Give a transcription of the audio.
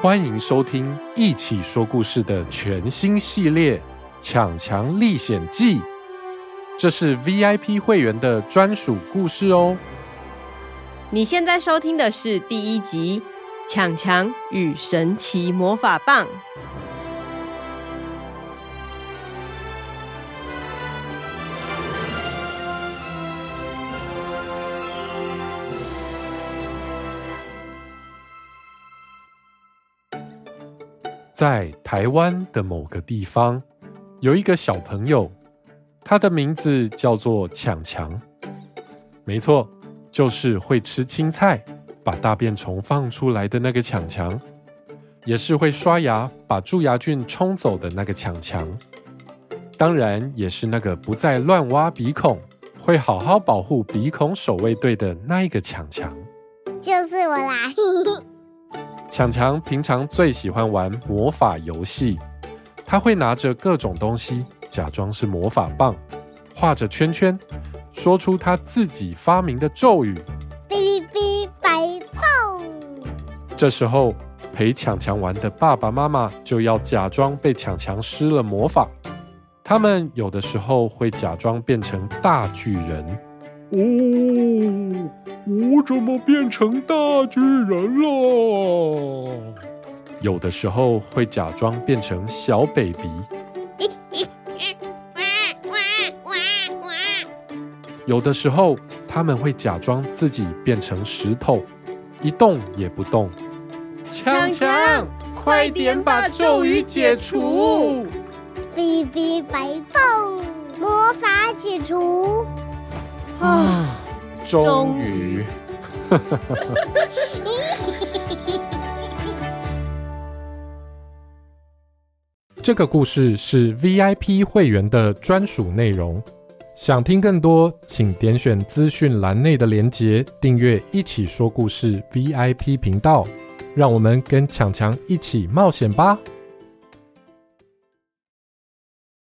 歡迎收聽《一起說故事》的全新系列《強強歷險記》，這是 VIP 會員的專屬故事哦。你現在收聽的是第一集《強強與神奇魔法棒》。在台灣的某個地方，有一個小朋友，他的名字叫做強強。沒錯，就是會吃青菜、把大便蟲放出來的那個強強，也是會刷牙、把蛀牙菌沖走的那個強強，當然也是那個不再亂挖鼻孔、會好好保護鼻孔守衛隊的那一個強強。就是我啦。嘿嘿。強強平常最喜歡玩魔法遊戲，他會拿着各種東西假裝是魔法棒，畫着圈圈，說出他自己發明的咒語。嗶哩嗶哩白咒。這時候陪強強玩的爸爸媽媽就要假裝被強強施了魔法，他們有的時候會假裝變成大巨人。哦，我怎麼變成大巨人了？有的時候會假裝變成小北鼻。 哇哇哇。有的時候，他們會假裝自己變成石頭，一動也不動。強強，快點把咒語解除。啊，終於！ 這個故事是 VIP 會員的專屬內容，想聽更多，請點選資訊欄內的連結，訂閱一起說故事 VIP 頻道，讓我們跟強強一起冒險吧。